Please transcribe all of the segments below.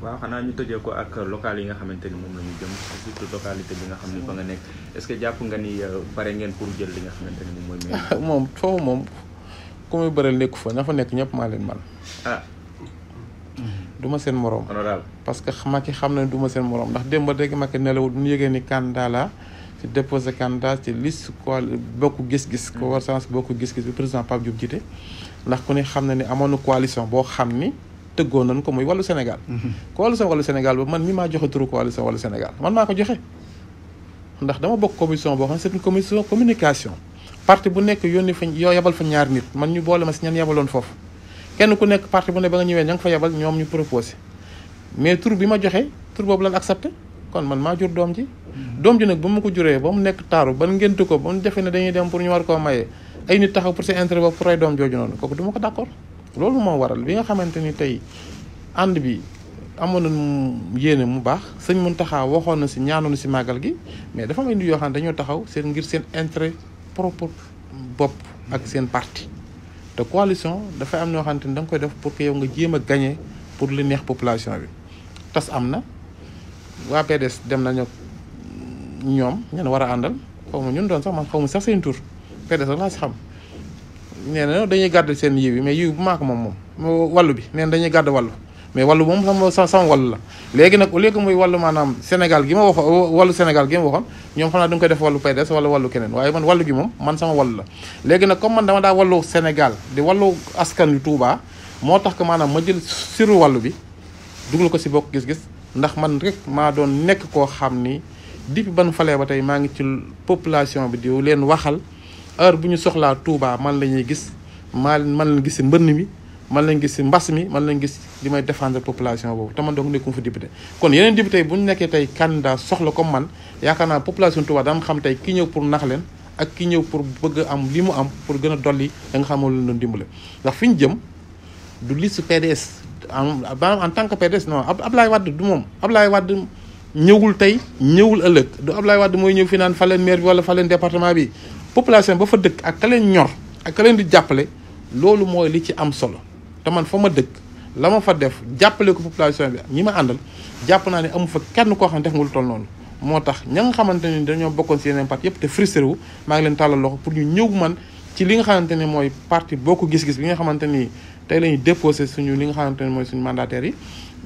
waaw xanaa ñu tëjee ko ak local yi nga xamante ni moom la ñu jëm surtout localité bi nga xam ni fa nga nekk est que jàpp nga ni euh, pare ngeen pour jël li nga xamante ni moom mooy. moom foofu moom ku muy bëreel nekku fa ña fa nekk ñëpp maa leen man ah, du ma seen morom. parce que Macky xam na ne du ma seen morom ndax démb rek Macky nelawul bu ñu yëgee ni candidat la ci déposé candidat ci liste quoi bokk gis-gis. Mm. convergence bokk gis-gis bi président Pape Diop jiite. ndax ku ne xam na ne amoon na coalition boo xam ni tëggoon nañ ko muy wàllu Sénégal. Mm-hmm. coalition wàllu Sénégal ba man ni maa joxe turu coalition wàllu Sénégal man maa ko joxe. ndax dama bokk commission boo xam ne c'est commission communication. parti yoo ñaar nit man ñu boole ma si ñan yebaloon kenn ku nekk parti bu ne ba nga ñëwee ña nga fa yebal ñoom ñu proposé mais tur bi ma joxe tur boobu lan accepté kon man maa jur doom ji. Mm-hmm. doom ji nag ba mu ko juree ba mu nekk taaru ba ngénte ko ba defee ne dañuy dem pour ñu war koo ay nit taxaw pour seen intérêt boobu pour ay doom jooju noonu kooku du ma moo waral bi nga xamante ni tey ànd bi. amoon na yéene mu baax sëñ Mountakha waxoon na si ñaanoon si màggal gi mais dafa may nit yoo xam ne dañoo taxaw seen ngir seen intérêt propre bopp ak seen parti te coalition dafay am ñoo xamante ni da koy def pour que yow nga jéem a gagné pour lu neex population bi tas am na waa PDS dem nañu ñoom ñeen war a àndal xaw ma ñun doon sax man xaw ma sax seen tur PDS rek laa si xam nee na dañuy gàdd seen yiw yi mais yiw bu maako moom moom wàllu bi nee dañuy gàdd wàllu mais wàllu moom sama sa sama wàllu la léegi nag au lieu que muy wàllu maanaam Sénégal gi ma waxoon wàllu Sénégal gi ma waxoon ñoom xam naa du ñu koy def wàllu PDS wala wàllu keneen waaye man wàllu gi moom man sama wàllu la léegi nag comme man dama daa wàllu Sénégal di wàllu askan wi tuubaa moo tax que maanaam ma jël siru wàllu bi dugal ko si bokk gis-gis ndax man rek maa doon nekk koo xam ni depuis ban falee ba tey maa ngi ci population bi di leen waxal heure bu ñu soxlaa Touba man la ñuy gis maa man la gis si mi man lañ gis si mbas mi man lañ gis li may défendre population boobu te man donc nekkum fa yeneen député yi bu ñu nekkee tey candidat soxla comme man yaakaar naa population Touba daan xam tey ki ñëw pour nax leen ak ki ñëw pour bëgg am li mu am pour gën a dolli da nga xam lu doon dimbale ndax fi ñu jëm du liste PDS en tant que PDS non Ablaye Wade du moom Ablaye Wade ñëwul tey ñëwul ëllëg du Ablaye Wade mooy ñëw fi naan fa leen wala fa département bi population ba fa dëkk ak ka leen ñor ak ka leen di jàppale loolu mooy li ci am solo te man fa ma dëkk la ma fa def jàppale ko population bi ñi ma àndal jàpp naa ne amu fa kenn koo xam ne def nga lu toll noonu moo tax ña nga xamante ne dañoo bokkoon si yeneen parti yëpp te frustré wu maa ngi leen tàllal loxo pour ñu ñëw man ci li nga xamante ne mooy boo ko gis-gis bi nga xamante ni tey la ñuy déposé suñu li nga xamante ne mooy suñu mandataires yi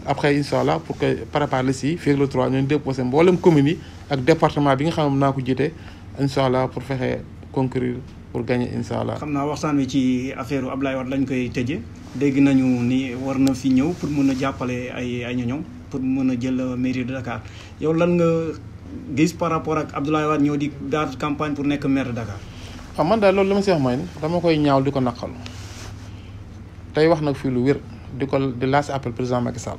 après incha allah pour que préparer si fii le 3 ñu déposé mboolem commune yi ak département bi nga xam naa ko jiite incha allah pour fexe concourir pour gagner incha allah. xam naa waxtaan wi ci affaire Abdoulaye Wade lañ koy tëjee. dégg nañu ni war na fi ñëw pour mën a jàppale ay ay ñoñom pour mën a jël euh, mairie de yow lan nga gis par rapport ak Abdoulaye Wade ñëw di daal campagne pour nekk maire de Dakar. Ah, man daa loolu la ma si wax mooy dama koy ñaaw di ko naqalu tey wax nag fii lu wér di ko di laas appel président Macky Sall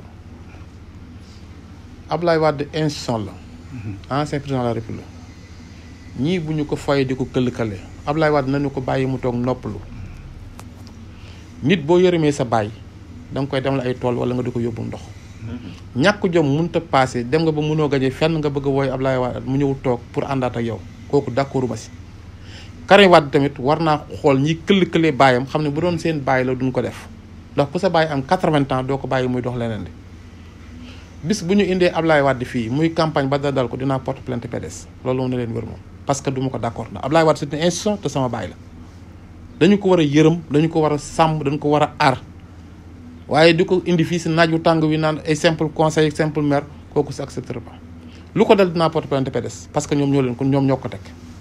Abdoulaye Wade institution la. Mm-hmm. ancien président de la république ñii bu ñu ko fayee di ko këll kale Abdoulaye Wade nañu ko bàyyi mu toog noppalu. nit boo yërëmee sa baay danga nga koy demal ay tool wala nga di ko yóbbu ndox. ñàkk jom mun a paase dem nga ba mënoo gañe fenn nga bëgg a wooy Ablaye Wade mu ñëw toog pour àndaat ak yow kooku d'accord ma si. Karim Wade tamit war naa xool ñi këll këlee baayam xam ne bu doon seen baay la duñ ko def ndax ku sa baay am 80 ans doo ko bàyyi muy dox leneen de. bis bu ñu indee Ablaye Wade fii muy campagne ba dal ko dinaa porte plainte PDS loolu moom na leen wér moom parce dañu ko war a yërëm dañu ko war sàmm dañu ko war a aar waaye di ko indi fii si naaj wu tàng wi naan ay simple conseil simple maire kooku si accepter lu ko dal dinaa porte plainte PDS parce que ñoom ñoo leen ko ñoom ñoo ko teg